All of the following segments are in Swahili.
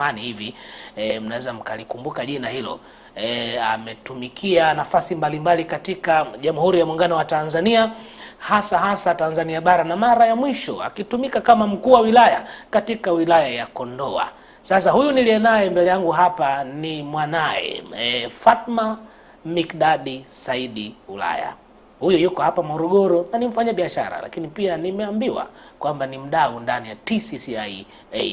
zamani hivi e, mnaweza mkalikumbuka jina hilo e, ametumikia nafasi mbalimbali katika Jamhuri ya Muungano wa Tanzania hasa hasa Tanzania bara na mara ya mwisho akitumika kama mkuu wa wilaya katika wilaya ya Kondoa. Sasa huyu niliye naye mbele yangu hapa ni mwanaye e, Fatma Mikdadi Saidi Ulaya huyo yuko hapa Morogoro na ni mfanya biashara, lakini pia nimeambiwa kwamba ni mdau ndani ya TCCIA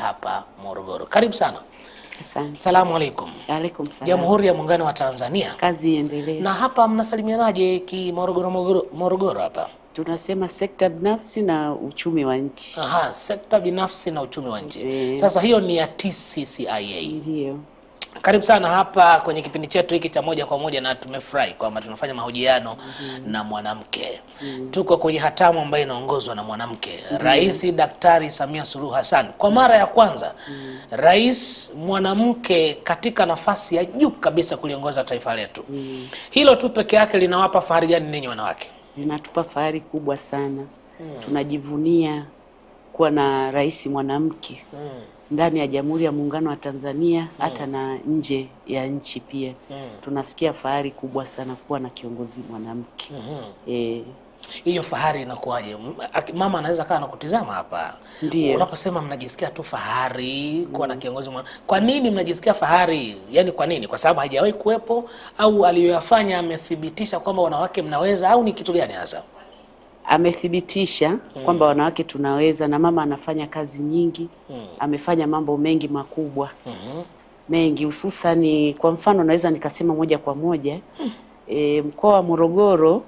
hapa Morogoro. Karibu sana. Asante. Salamu alaikum. Alaikum salam. Jamhuri ya Muungano wa Tanzania. Kazi iendelee. Na hapa mnasalimianaje ki Morogoro Morogoro, Morogoro hapa? Tunasema sekta binafsi na uchumi wa nchi. Aha, sekta binafsi na uchumi wa nchi. Sasa hiyo ni ya TCCIA. Ndio. Karibu sana hapa kwenye kipindi chetu hiki cha moja kwa moja, na tumefurahi kwamba tunafanya mahojiano mm -hmm. na mwanamke mm -hmm. tuko kwenye hatamu ambayo inaongozwa na mwanamke mm -hmm. Rais Daktari Samia Suluhu Hassan kwa mara ya kwanza mm -hmm. rais mwanamke katika nafasi ya juu kabisa kuliongoza taifa letu mm -hmm. hilo tu peke yake linawapa fahari gani ninyi wanawake? Linatupa fahari kubwa sana mm -hmm. tunajivunia kuwa na rais mwanamke mm -hmm ndani ya Jamhuri ya Muungano wa Tanzania mm. hata na nje ya nchi pia hmm. tunasikia fahari kubwa sana kuwa na kiongozi mwanamke -hmm. e, hiyo fahari inakuwaje? Mama anaweza kaa anakutizama hapa, ndio unaposema mnajisikia tu fahari mm. kuwa na kiongozi mwana. Kwa nini mnajisikia fahari? Yani kwa nini? Kwa sababu hajawahi kuwepo, au aliyoyafanya amethibitisha kwamba wanawake mnaweza, au ni kitu gani hasa? amethibitisha mm. kwamba wanawake tunaweza, na mama anafanya kazi nyingi mm. amefanya mambo mengi makubwa mm -hmm. mengi, hususani kwa mfano naweza nikasema moja kwa moja mm. e, mkoa wa Morogoro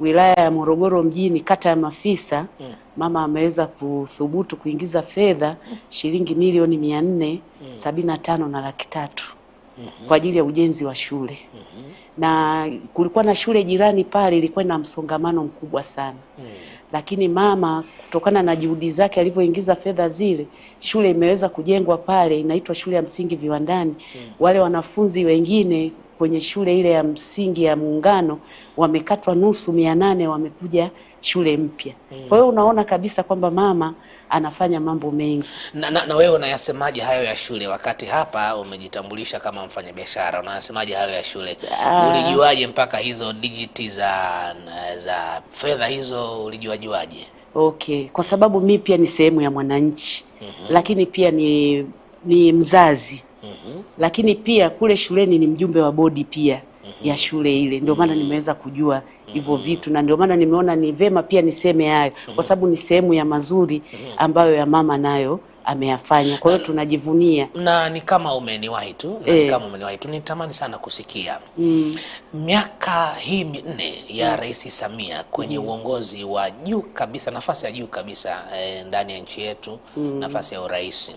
wilaya ya Morogoro mjini kata ya Mafisa mm. mama ameweza kuthubutu kuingiza fedha mm. shilingi milioni mia nne mm. sabini na tano na laki tatu Mhm. kwa ajili ya ujenzi wa shule mhm. na kulikuwa na shule jirani pale ilikuwa na msongamano mkubwa sana mhm. lakini mama kutokana na juhudi zake alivyoingiza fedha zile, shule imeweza kujengwa pale, inaitwa shule ya msingi Viwandani. Mm. Wale wanafunzi wengine kwenye shule ile ya msingi ya Muungano wamekatwa nusu mia nane wamekuja shule mpya. Mm. Kwa hiyo unaona kabisa kwamba mama anafanya mambo mengi. Na, na, na wewe unayasemaje hayo ya shule, wakati hapa umejitambulisha kama mfanyabiashara? Unayasemaje hayo ya shule? Uh, ulijuaje mpaka hizo dijiti za za fedha hizo ulijuajuaje? Okay, kwa sababu mi pia ni sehemu ya mwananchi mm -hmm. lakini pia ni ni mzazi mm -hmm. lakini pia kule shuleni ni mjumbe wa bodi pia mm -hmm. ya shule ile, ndio maana mm -hmm. nimeweza kujua hivyo vitu, na ndio maana nimeona ni vema pia niseme hayo, kwa sababu ni sehemu ya mazuri mhm. ambayo ya mama nayo ameyafanya. Kwa hiyo tunajivunia, na ni kama umeniwahi tu e, ni eh. kama umeniwahi tu. Nitamani sana kusikia mm, miaka hii minne ya mm, Rais Samia kwenye mm, uongozi wa juu kabisa, nafasi ya juu kabisa e, ndani ya nchi yetu mm, nafasi ya urais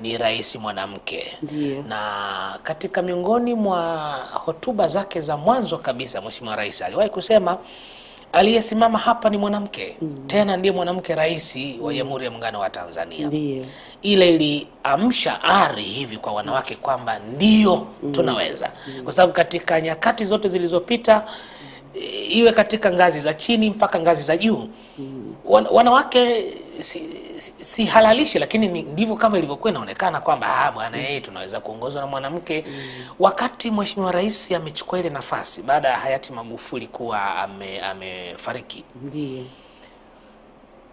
ni rais mwanamke na katika miongoni mwa hotuba zake za mwanzo kabisa Mheshimiwa Rais aliwahi kusema Aliyesimama hapa ni mwanamke mm. Tena ndiye mwanamke rais wa mm. Jamhuri ya Muungano wa Tanzania. Ile iliamsha ari hivi kwa wanawake kwamba ndio mm. tunaweza mm. Kwa sababu katika nyakati zote zilizopita iwe katika ngazi za chini mpaka ngazi za juu mm. wanawake si, sihalalishi, lakini ndivyo kama ilivyokuwa inaonekana kwamba ah, bwana yeye eh, tunaweza kuongozwa na mwanamke mm. Wakati Mheshimiwa Rais amechukua ile nafasi baada ya hayati Magufuli kuwa amefariki ame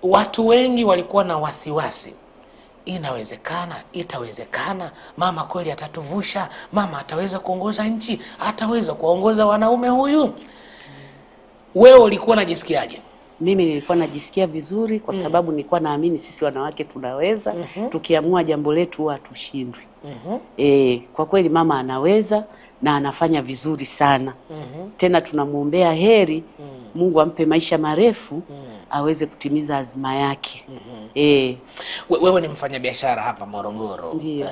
watu wengi walikuwa na wasiwasi Inawezekana? Itawezekana? Mama kweli atatuvusha? Mama ataweza kuongoza nchi? Ataweza kuwaongoza wanaume huyu? Mm. Wewe ulikuwa unajisikiaje? mimi nilikuwa najisikia vizuri kwa mm. sababu nilikuwa naamini sisi wanawake tunaweza. mm -hmm. Tukiamua jambo letu huwa hatushindwi. mm -hmm. E, kwa kweli mama anaweza na anafanya vizuri sana. mm -hmm. Tena tunamwombea heri. mm -hmm. Mungu ampe maisha marefu. mm -hmm. Aweze kutimiza azma yake. mm -hmm. E, wewe ni mfanyabiashara hapa Morogoro. Ndiyo.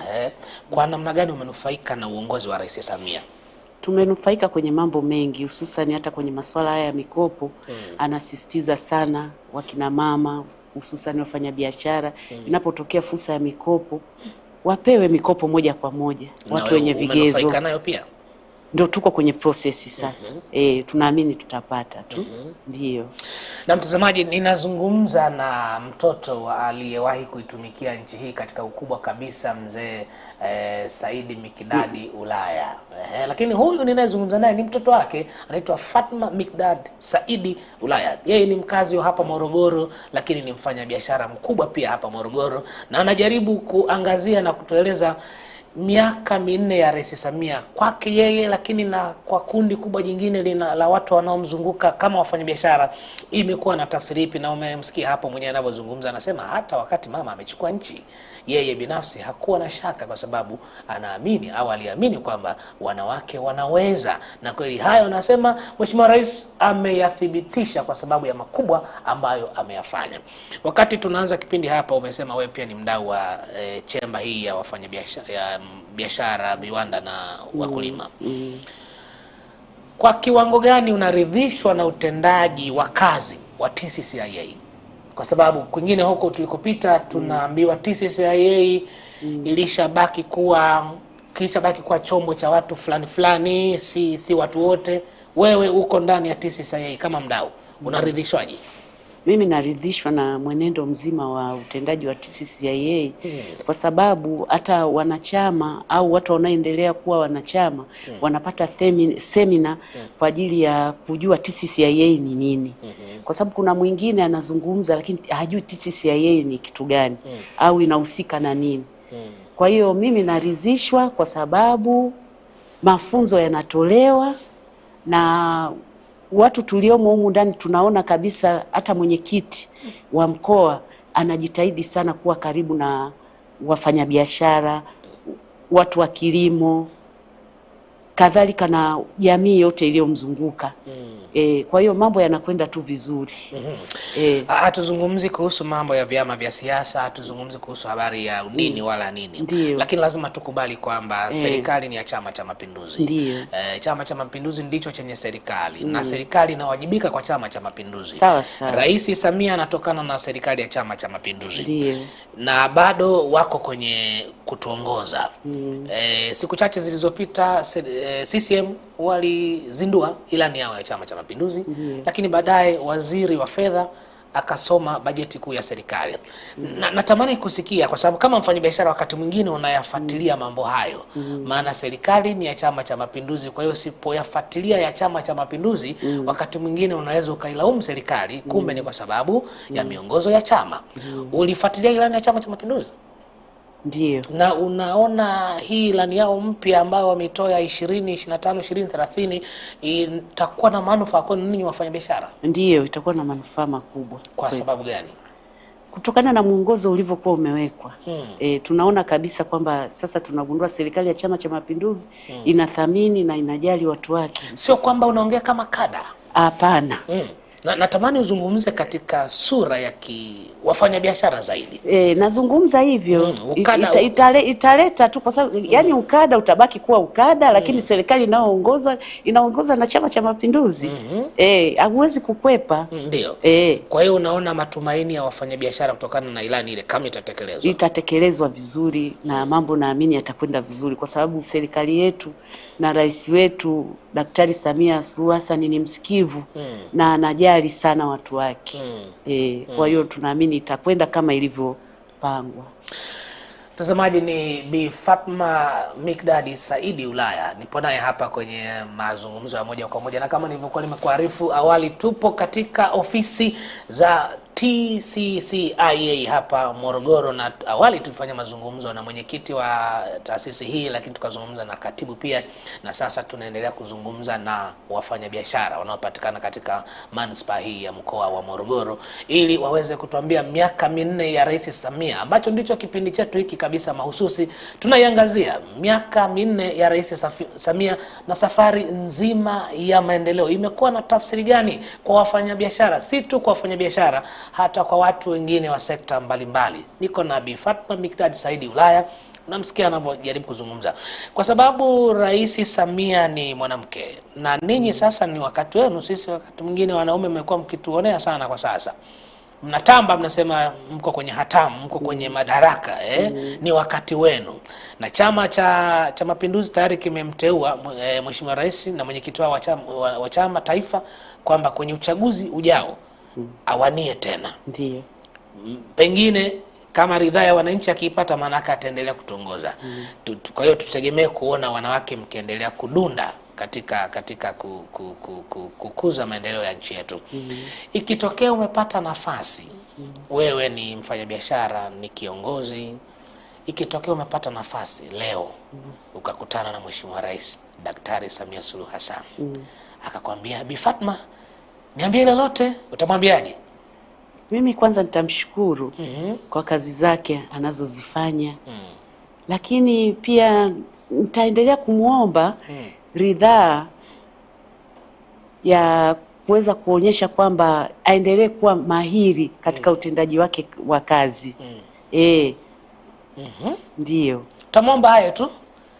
Kwa namna gani umenufaika na uongozi wa Rais Samia? tumenufaika kwenye mambo mengi, hususani hata kwenye masuala haya ya mikopo mm. Anasisitiza sana wakina mama, hususani biashara mm. Inapotokea fursa ya mikopo wapewe mikopo moja kwa moja watu wenye vigezo nayo pia ndio tuko kwenye prosesi mhm. sasa. mm -hmm. E, tunaamini tutapata tu mhm. ndio. mm -hmm. Na mtazamaji, ninazungumza na mtoto aliyewahi kuitumikia nchi hii katika ukubwa kabisa, mzee eh, Saidi Mikdadi mm -hmm. Ulaya eh, lakini huyu ninayezungumza naye ni mtoto wake, anaitwa Fatma Mikdad Saidi Ulaya. Yeye ni mkazi wa hapa Morogoro, lakini ni mfanyabiashara mkubwa pia hapa Morogoro, na anajaribu kuangazia na kutueleza miaka minne ya Rais Samia kwake yeye, lakini na kwa kundi kubwa jingine lina, la watu wanaomzunguka kama wafanyabiashara, imekuwa na tafsiri ipi? Na umemsikia hapo mwenyewe anavyozungumza, anasema hata wakati mama amechukua nchi, yeye binafsi hakuwa na shaka, kwa sababu anaamini au aliamini kwamba wanawake wanaweza. Na kweli hayo nasema Mheshimiwa Rais ameyathibitisha kwa sababu ya makubwa ambayo ameyafanya. Wakati tunaanza kipindi hapa, umesema wewe pia ni mdau wa e, chemba hii ya wafanyabiashara biashara, viwanda na mm, wakulima mm Kwa kiwango gani unaridhishwa na utendaji wa kazi wa TCCIA? Kwa sababu kwingine huko tulikopita mm. tunaambiwa TCCIA mm. ilishabaki kuwa kilishabaki kuwa chombo cha watu fulani fulani, si si watu wote. Wewe uko ndani ya TCCIA kama mdau, mm. unaridhishwaje? Mimi naridhishwa na mwenendo mzima wa utendaji wa TCCIA hmm. kwa sababu hata wanachama au watu wanaoendelea kuwa wanachama hmm. wanapata semina semina hmm. kwa ajili ya kujua TCCIA ni nini, kwa sababu kuna mwingine anazungumza lakini hajui TCCIA ni kitu gani au inahusika na nini. Kwa hiyo mimi naridhishwa kwa sababu mafunzo yanatolewa na watu tuliomo humu ndani tunaona kabisa, hata mwenyekiti wa mkoa anajitahidi sana kuwa karibu na wafanyabiashara, watu wa kilimo, kadhalika na jamii yote iliyomzunguka Hmm. E, kwa hiyo mambo yanakwenda tu vizuri. mm -hmm. E, hatuzungumzi kuhusu mambo ya vyama vya siasa, hatuzungumzi kuhusu habari ya nini mm. wala nini. Ndiyo. Lakini lazima tukubali kwamba e, serikali ni ya Chama cha Mapinduzi. E, Chama cha Mapinduzi ndicho chenye serikali mm. na serikali inawajibika kwa Chama cha Mapinduzi. Sawa sawa. Rais Samia anatokana na serikali ya Chama cha Mapinduzi. Na bado wako kwenye kutuongoza mm. E, siku chache zilizopita CCM walizindua ilani yao ya Chama cha Mapinduzi -hmm. Lakini baadaye waziri wa fedha akasoma bajeti kuu ya serikali mm. Na, natamani kusikia kwa sababu kama mfanyabiashara wakati mwingine unayafuatilia mm. mambo hayo mm. Maana serikali ni ya Chama cha Mapinduzi, kwa hiyo usipoyafuatilia ya Chama cha Mapinduzi mm. wakati mwingine unaweza ukailaumu serikali, kumbe mm. ni kwa sababu ya miongozo ya chama mm. Ulifuatilia ilani ya Chama cha Mapinduzi? Ndiyo. Na unaona hii ilani yao mpya ambayo wametoa ishirini ishirini na tano ishirini thelathini itakuwa na manufaa kwenu ninyi wafanyabiashara? Ndiyo, itakuwa na manufaa makubwa. Kwa sababu gani? Kutokana na mwongozo ulivyokuwa umewekwa hmm. E, tunaona kabisa kwamba sasa tunagundua serikali ya Chama cha Mapinduzi hmm. inathamini na inajali watu wake, sio kwamba unaongea kama kada. Hapana hmm na natamani uzungumze katika sura ya biashara zaidi. E, nazungumza hivyo mm, ukada, itale, italeta tu kwa sababu mm, yani ukada utabaki kuwa ukada, lakini mm, serikali inayoongozwa inaongozwa na Chama cha Mapinduzi mm-hmm. e, mm hauwezi -hmm. e, kukwepa ndio. Mm, e. Kwa hiyo unaona matumaini ya wafanyabiashara kutokana na ilani ile kama itatekelezwa, itatekelezwa vizuri na mambo naamini yatakwenda vizuri kwa sababu serikali yetu na rais wetu Daktari Samia Suluhu Hassan ni msikivu mm. na anajali sana watu wake mm. E, kwa hmm. hiyo tunaamini itakwenda kama ilivyopangwa. Mtazamaji ni Bi Fatma Mikdadi Saidi Ulaya, nipo naye hapa kwenye mazungumzo ya moja kwa moja, na kama nilivyokuwa nimekuarifu awali, tupo katika ofisi za TCCIA hapa Morogoro, na awali tulifanya mazungumzo na mwenyekiti wa taasisi hii, lakini tukazungumza na katibu pia, na sasa tunaendelea kuzungumza na wafanyabiashara wanaopatikana katika manispaa hii ya mkoa wa Morogoro ili waweze kutuambia miaka minne ya Rais Samia, ambacho ndicho kipindi chetu hiki kabisa mahususi tunaiangazia miaka minne ya Rais Samia na safari nzima ya maendeleo imekuwa na tafsiri gani kwa wafanyabiashara, si tu kwa wafanyabiashara hata kwa watu wengine wa sekta mbalimbali. Niko na Bi Fatma Mikdad Saidi Ulaya, namsikia anavyojaribu kuzungumza, kwa sababu Rais Samia ni mwanamke na ninyi mm. sasa ni wakati wenu. Sisi wakati mwingine wanaume mmekuwa mkituonea sana kwa sasa mnatamba mnasema mko kwenye hatamu, mko kwenye mm. madaraka eh? Mm. Ni wakati wenu, na Chama cha cha Mapinduzi tayari kimemteua e, Mheshimiwa Rais na mwenyekiti wao wa chama, wa chama taifa kwamba kwenye uchaguzi ujao mm. awanie tena ndio mm. pengine kama ridhaa ya wananchi akiipata, maanake ataendelea kutongoza mm. Kwa hiyo tutegemee kuona wanawake mkiendelea kudunda katika katika ku, ku, ku, ku, kukuza maendeleo ya nchi yetu mm. Ikitokea umepata nafasi mm. wewe ni mfanyabiashara, ni kiongozi, ikitokea umepata nafasi leo mm. ukakutana na Mheshimiwa Rais Daktari Samia Suluhu Hassan mm. akakwambia Bi Fatma niambie lolote, utamwambiaje? Mimi kwanza nitamshukuru mm -hmm. kwa kazi zake anazozifanya mm. lakini pia nitaendelea kumwomba mm. ridhaa ya kuweza kuonyesha kwamba aendelee kuwa mahiri katika mm. utendaji wake wa kazi mm. e. mm -hmm. Ndiyo, tutamwomba hayo tu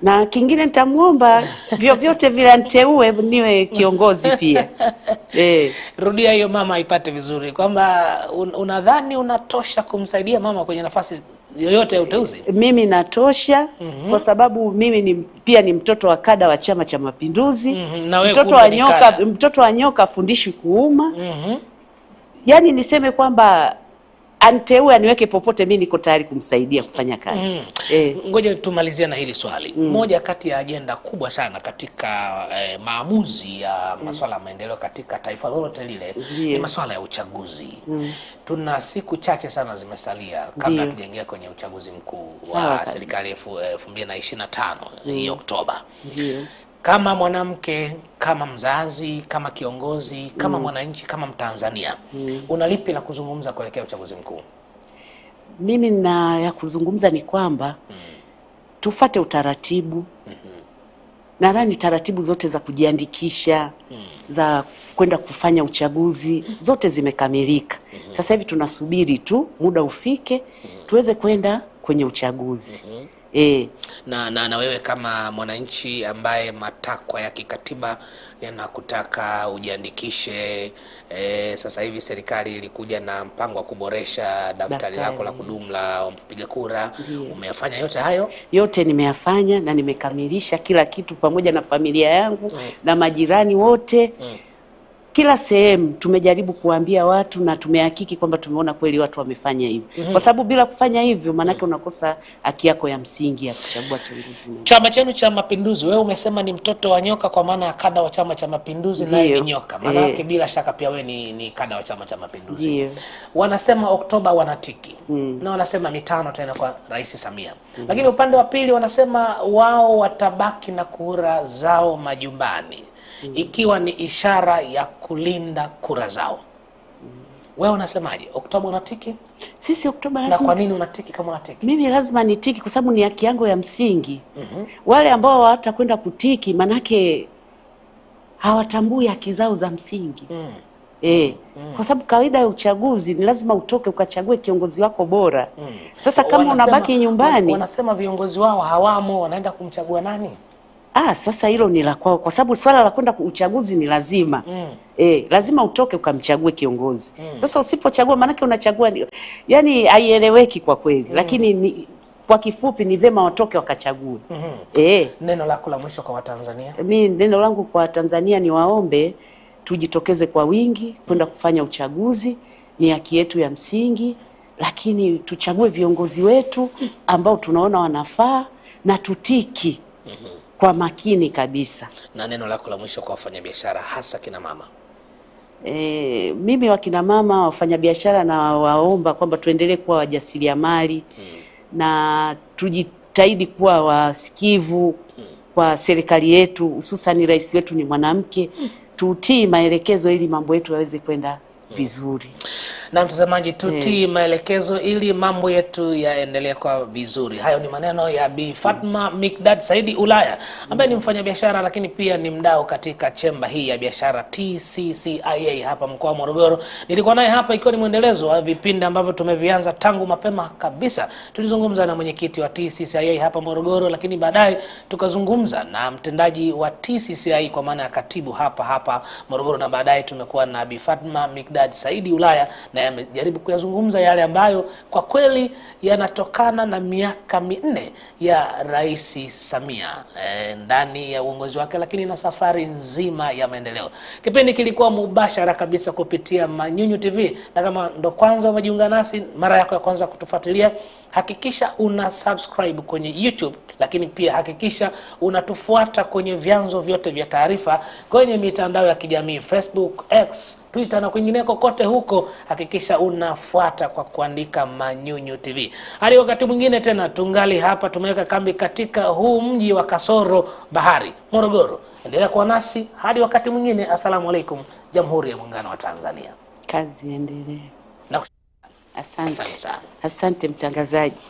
na kingine nitamwomba vyovyote vile anteue niwe kiongozi pia e. Rudia hiyo mama aipate vizuri, kwamba un, unadhani unatosha kumsaidia mama kwenye nafasi yoyote ya uteuzi? Mimi natosha mm -hmm. kwa sababu mimi ni, pia ni mtoto wa kada wa Chama cha Mapinduzi mm -hmm. mtoto wa nyoka, mtoto wa nyoka afundishi kuuma mm -hmm. yaani niseme kwamba anteue aniweke popote, mi niko tayari kumsaidia kufanya kazi mm. Eh. Ngoja tumalizie na hili swali mm. Moja kati ya ajenda kubwa sana katika eh, maamuzi ya mm. masuala ya mm. maendeleo katika taifa lolote lile yeah. ni masuala ya uchaguzi mm. Tuna siku chache sana zimesalia kabla tujaingia kwenye uchaguzi mkuu wa serikali eh, elfu mbili na ishirini na tano hii mm. Oktoba yeah kama mwanamke, kama mzazi, kama kiongozi, kama mm. mwananchi, kama Mtanzania mm. una lipi la kuzungumza kuelekea uchaguzi mkuu? Mimi na ya kuzungumza ni kwamba mm. tufate utaratibu mm -hmm. nadhani taratibu zote za kujiandikisha mm. za kwenda kufanya uchaguzi zote zimekamilika mm -hmm. Sasa hivi tunasubiri tu muda ufike mm -hmm. tuweze kwenda kwenye uchaguzi mm -hmm mm. na, na, na wewe kama mwananchi ambaye matakwa ya kikatiba yanakutaka ujiandikishe. E, sasa hivi serikali ilikuja na mpango wa kuboresha daftari lako la kudumu la mpiga kura yeah. Umeyafanya yote hayo? Yote nimeyafanya na nimekamilisha kila kitu pamoja na familia yangu mm. na majirani wote mm kila sehemu tumejaribu kuambia watu na tumehakiki kwamba tumeona kweli watu wamefanya hivyo mm -hmm. Kwa sababu bila kufanya hivyo maanake unakosa haki yako ya msingi ya kuchagua kiongozi. Chama chenu cha Mapinduzi, wewe umesema ni mtoto wa nyoka, kwa maana ya kada wa Chama cha Mapinduzi naye ni nyoka, maanake eh. bila shaka pia wewe ni, ni kada wa Chama cha Mapinduzi. Wanasema Oktoba wanatiki mm. na wanasema mitano tena kwa Rais Samia mm -hmm. Lakini upande wa pili wanasema wao watabaki na kura zao majumbani mm. ikiwa ni ishara ya kulinda kura zao mm. wewe unasemaje? Oktoba unatiki? Sisi Oktoba lazima. Na kwa nini unatiki kama unatiki? Mimi lazima nitiki kwa sababu ni haki yangu ya msingi mm -hmm. wale ambao hawatakwenda kutiki manake hawatambui haki zao za msingi mm. E, mm. Kwa mm. sababu kawaida ya uchaguzi ni lazima utoke ukachague kiongozi wako bora mm. Sasa kama wanasema, unabaki nyumbani wanasema viongozi wao hawamo, wanaenda kumchagua nani? ah, sasa hilo ni la kwao, kwa sababu swala la kwenda uchaguzi ni lazima mm. Eh, lazima utoke ukamchague kiongozi mm. Sasa usipochagua maanake unachagua ni, yani haieleweki kwa kweli mm. Lakini ni, kwa kifupi ni vema watoke wakachague mm -hmm. Eh, neno lako la mwisho kwa Watanzania? Mi neno langu kwa Watanzania ni waombe tujitokeze kwa wingi kwenda kufanya uchaguzi, ni haki yetu ya msingi, lakini tuchague viongozi wetu ambao tunaona wanafaa na tutiki mm -hmm kwa makini kabisa. Na neno lako la mwisho kwa wafanyabiashara hasa kina mama? E, mimi wakina mama wafanyabiashara na waomba kwamba tuendelee kuwa wajasiriamali hmm. na tujitahidi kuwa wasikivu hmm. kwa serikali yetu, hususani rais wetu ni mwanamke hmm. tutii maelekezo ili mambo yetu yaweze kwenda vizuri na mtazamaji, tutii hmm, maelekezo ili mambo yetu yaendelee kwa vizuri. Hayo ni maneno ya Bi Fatma Mikdad Saidi Ulaya ambaye ni hmm. mfanyabiashara lakini pia ni mdau katika chemba hii ya biashara TCCIA hapa mkoa wa Morogoro. Nilikuwa naye hapa ikiwa ni mwendelezo wa vipindi ambavyo tumevianza tangu mapema kabisa. Tulizungumza na mwenyekiti wa TCCIA hapa Morogoro, lakini baadaye tukazungumza na mtendaji wa TCCIA kwa maana ya katibu hapa hapa Morogoro, na baadaye tumekuwa na Bi Fatma Mikdad Baghdad Saidi Ulaya na yamejaribu kuyazungumza yale ambayo kwa kweli yanatokana na miaka minne ya Rais Samia e, ndani ya uongozi wake, lakini na safari nzima ya maendeleo. Kipindi kilikuwa mubashara kabisa kupitia Manyunyu TV, na kama ndo kwanza umejiunga nasi, mara yako ya kwanza kutufuatilia hakikisha una subscribe kwenye YouTube, lakini pia hakikisha unatufuata kwenye vyanzo vyote vya taarifa kwenye mitandao ya kijamii Facebook, X, Twitter na kwingineko kote huko, hakikisha unafuata kwa kuandika Manyunyu TV. Hadi wakati mwingine tena, tungali hapa, tumeweka kambi katika huu mji wa kasoro bahari Morogoro. Endelea kuwa nasi hadi wakati mwingine. Asalamu alaikum, Jamhuri ya Muungano wa Tanzania. Kazi endelee. Asante, asante, mtangazaji.